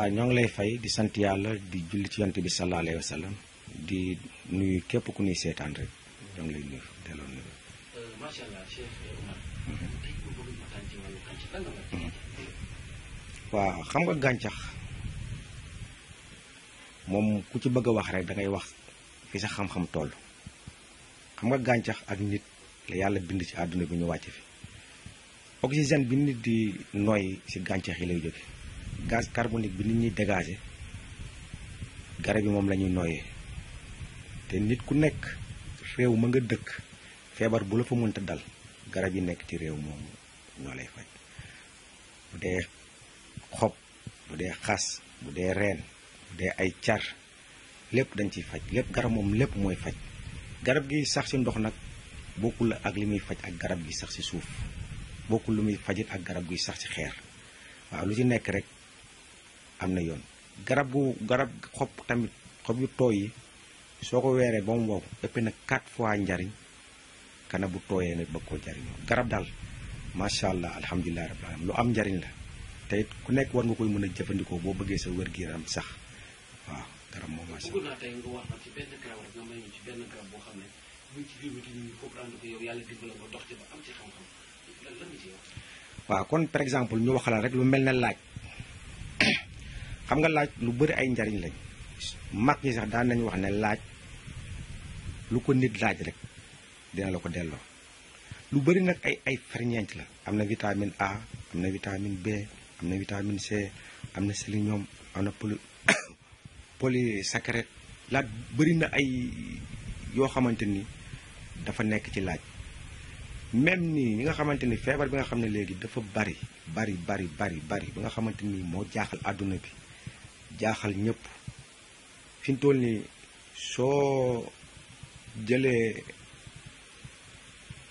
waaw ñoo ngi lay fay di sant yàlla di julli ci yonent bi sallallahu alayhi sallam di képp ku ñuy seetaan xam nga gàncax moom ku ci bëgg a wax rek da ngay wax fi sa xam-xam toll xam nga gàncax ak nit la yàlla bind ci àdduna bi ñu wàcc fi oxygène bi nit di nooy ci gàncax yi lay jóge gaz carbonique bi nit ñuy dégager garab yi moom la ñuy nooyee te nit ku nekk réew ma nga dëkk feebar bu la fa mënta dal garab yi nekk ci réew moom ñoo lay faj bu dee xob bu dee xas mu dee reen bu dee ay car lépp dañ ciy faj lépp garab moom lépp mooy faj garab gi sax ci ndox nag bokkul ak li muy faj ak garab gi sax ci suuf bokkul lu muy fajit ak garab gi sax ci xeer waaw lu ci nekk rek am na yoon garab gu garab xob tamit xob yu tooy yi soo ko weeree ba mu wow ëpp na quatre fois njariñ kanam bu tooyee nag bëgg koo jariñoo garab daal macha allah alhamdulilah rabbil alamin lu am njariñ la te ku nekk war nga koy mën a jëfandikoo boo bëggee sa wér gi yaram sax waaw garab moom ci benn boo xam ne buñ ci yàlla dimbali ba dox ci am ci xam kon par exemple ñu wax la rek lu mel na laaj. xam nga laaj lu bari ay njariñ lañ mag ñi sax daan nañu wax ne laaj lu ko nit laaj rek dina la ko delloo lu bëri nag ay ay ferñeent la am na vitamine A am na vitamine B am na vitamine C am na sélénium am na poly polysaccharide laaj bari na ay yoo xamante ni dafa nekk ci laaj même nii ñi nga xamante ni feebar bi nga xam ne léegi dafa bari bari bari bari bari bi nga xamante ni moo jaaxal àdduna bi jaaxal ñëpp fi ñu ni so soo jëlee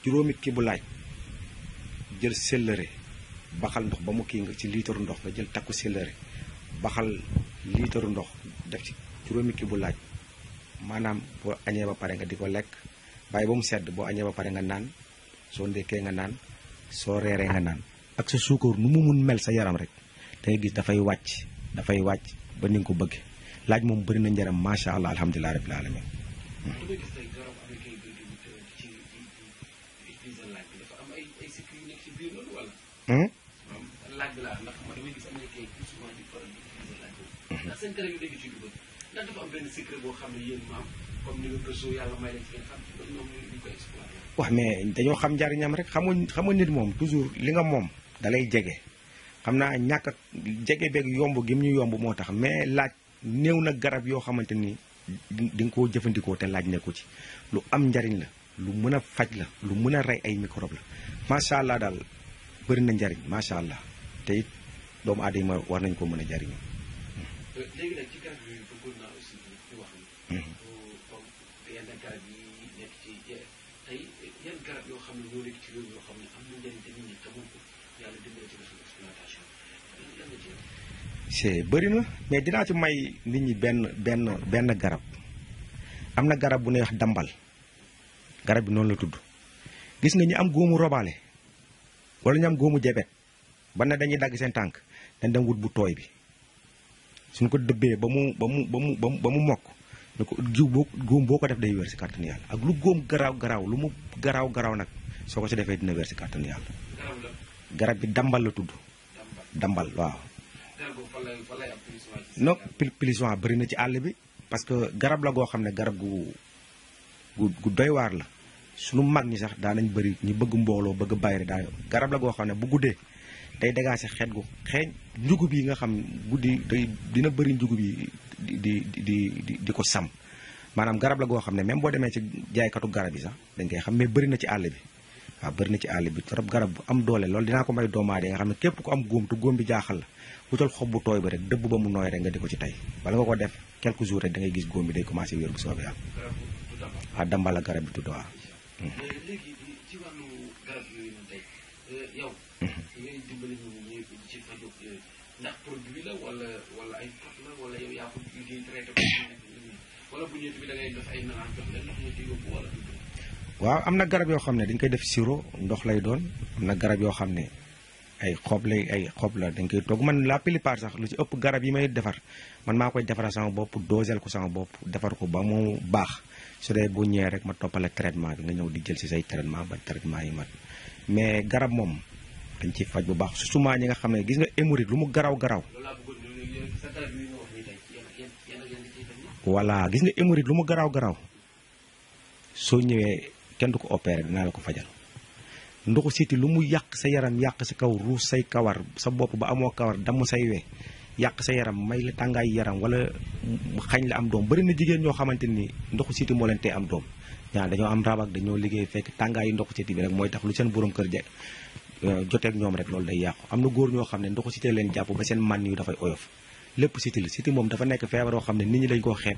juróomi kii bu laaj jël sellëre baxal ndox ba mu kii nga ci liitaru ndox nga jël takku sellëre baxal liitaru ndox def ci juróomi ki bu laaj maanaam boo añee ba pare nga di ko lekk bàyyi ba mu sedd boo añee ba pare nga naan soo ndekkee nga naan soo reeree nga naan ak sa suukar nu mu mun mel sa yaram rek da fay gis dafay wàcc dafay ba ni nga ko bëgge laaj moom bëri na njëriñ macha allah alhamdulilah rabbil alamin hmm? hmm. wax mais dañoo xam njariñam rek xamuñ xamuñ nit moom toujours li nga moom dalay jege xam na ñàkk a jege beeg yomb gim ñu yomb moo tax mais laaj néew na garab yoo xamante ni di nga koo jëfandikoo te laaj nekku ci lu am njariñ la lu mën a faj la lu mën a rey ay microbe la macha allah daal bëri na njariñ macha allah te it doomu aadama war nañ ko mën a jariñoo. Mhm. Euh, yoo xam c'est bari na mais dina ci may nit ñi ben ben ben garab amna garab bu ne wax dambal garab bi non la tuddu gis nga ñi am gomu robaale wala ñam am góomu ba ne dañuy dag sen tank dañ dem wut bu toy bi suñ ko dëbbee ba mu ba mu ba mu ba mu mokk ne ko jiw boo góom def day wër ci carton yalla ak lu góom garaaw garaaw lu mu garaaw garaaw nak soko ci defé dina wër ci carton yalla garab bi dambal la tudd. dambal waaw. no plissoir bëri na ci àll bi parce que garab la goo xam ne garab gu gu gu doy waar la sunu mag ñi sax daan nañ bëri ñu bëgg mbooloo bëgg bàyyi bayre daa garab la goo xam ne bu guddee day dégaase xeet gu xeeñ njugub yi nga xam guddi day dina bëri njugub yi di di di di ko sàmm maanaam garab la goo xam ne même boo demee ci jaaykatu garab yi sax dañ koy xam mais bëri na ci àll bi. waaw bëri na ci àll bi trop garab bu am doole loolu dinaa ko may doomaa de nga xam ne képp ku am góom te góom bi jaaxal la wutal xob bu tooy ba rek dëbb ba mu nooy rek nga di ko ci tey bala nga ko def quelques jours rek da ngay gis góom bi day commencé wér bu soobee yàlla waaw ah, damba la garab bi tudd waaw hmm. léegi ci wàllu garab yooyu noonu tey euh, yow hmm. ngay dimbali ñu ci faju euh, ndax produit la wala wala ay pot la wala yow yaa ko liggéey traité wala bu ñëwee waaw am na garab yoo xam ne dañ koy def siro ndox lay doon am na garab yoo xam ne ay xob lay ay xob la dañ koy togg man la plupart sax lu ci ëpp garab yi may defar man maa koy defara sama bopp dooseel ko sama bopp defar ko ba mu baax su dee bu ñëwee rek ma toppale traitement bi nga ñëw di jël si say traitement ba traitement yi ma mais garab moom dañ ciy faj bu baax su suma ñi nga xam ne gis nga hémorroïde lu mu garaw garaw voilà gis nga hémorroïde lu mu garaaw garaaw soo ñëwee kenn du ko opéré dinaa la ko fajal ndoxu siti lu mu yàq sa yaram yàq sa kaw ruus say kawar sa bopp ba amoo kawar damm say we yàq sa yaram may la tàngaay yaram wala xañ la am doom bëri na jigéen ñoo xamante ni ndoxu siti moo leen tee am doom ñaar dañoo am rab ak liggéey fekk tàngaayu ndoxu siti bi rek mooy tax lu seen borom kër je euh, joteeg ñoom rek loolu day yàqu am na góor ñoo xam ne ndoxu siti leen jàpp ba seen mànn yu dafay oyof lépp siti la siti moom dafa nekk feebar yoo xam ne nit ñi dañ koo xeeb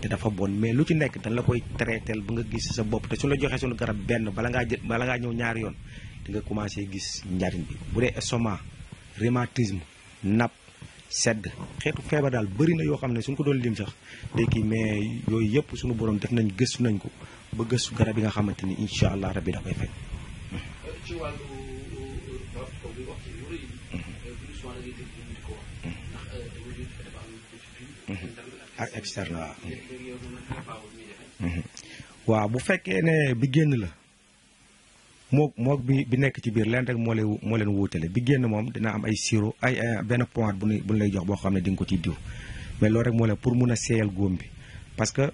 te dafa bon mais lu ci nekk dañ la koy traiteel ba nga gis sa bopp te su la joxee suñu garab benn bala ngaa jël bala ngaa ñëw ñaari yoon di nga commencé gis njariñ bi bu dee estomac rhumatisme napp sedd xeetu feebar daal bëri na yoo xam ne suñ ko doon lim sax day kii mais yooyu yëpp suñu boroom def nañ gëstu nañ ko ba gëstu garab yi nga xamante ni incha allah rabbi da koy fekk. Mm-hmm. ak externe mm-hmm. Mm-hmm. waaw bu fekkee ne bi génn la mook mook bi bi nekk ci biir leen rek moo leen moo leen wuutale bi génn moom dina am ay sirop ay benn point bu ñu bu ñu lay jox boo xam ne di nga ko ci diw mais loolu rek moo leen pour mun a seeyal góom bi parce que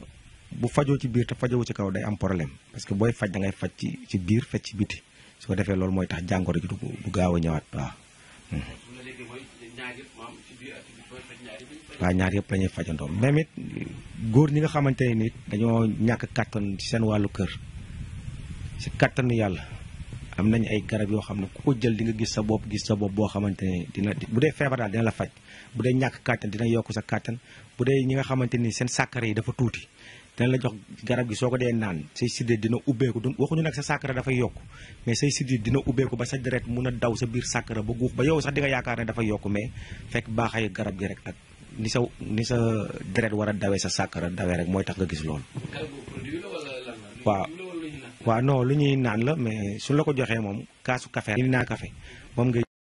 bu fajoo ci biir te fajoo ci kaw day am problème parce que booy faj da ngay faj ci ci biir faj ci biti soo ko defee loolu mooy tax jàngoro ji du gaaw a ñëwaat waaw waaw ñaar yëpp la ñuy fajandoo même it góor ñi nga xamante ne nit dañoo ñàkk kàttan ci seen wàllu kër si kàttanu yàlla am nañ ay garab yoo xam ne ku ko jël di nga gis sa bopp gis sa bopp boo xamante ne dina bu dee feebaraal daal dina la faj bu dee ñàkk kàttan dina yokk sa kàttan bu dee ñi nga xamante ni seen sàkkare yi dafa tuuti dañ la jox garab gi soo ko dee naan say siddiit dina ubbeeku du waxuñu nag sa sàkkara dafay yokk mais say siddiit dina ubbeeku ba sa deret mun a daw sa biir sàkkara ba guux ba yow sax di yaakaar ne dafay yokk mais fekk baaxayu garab gi rek ak ni sa ni sa deret war a dawee sa sàkkara dawee rek mooy tax nga gis loolu waa waaw lu ñuy naan la mais suñ la ko joxee moom kaasu café li naa café moom nga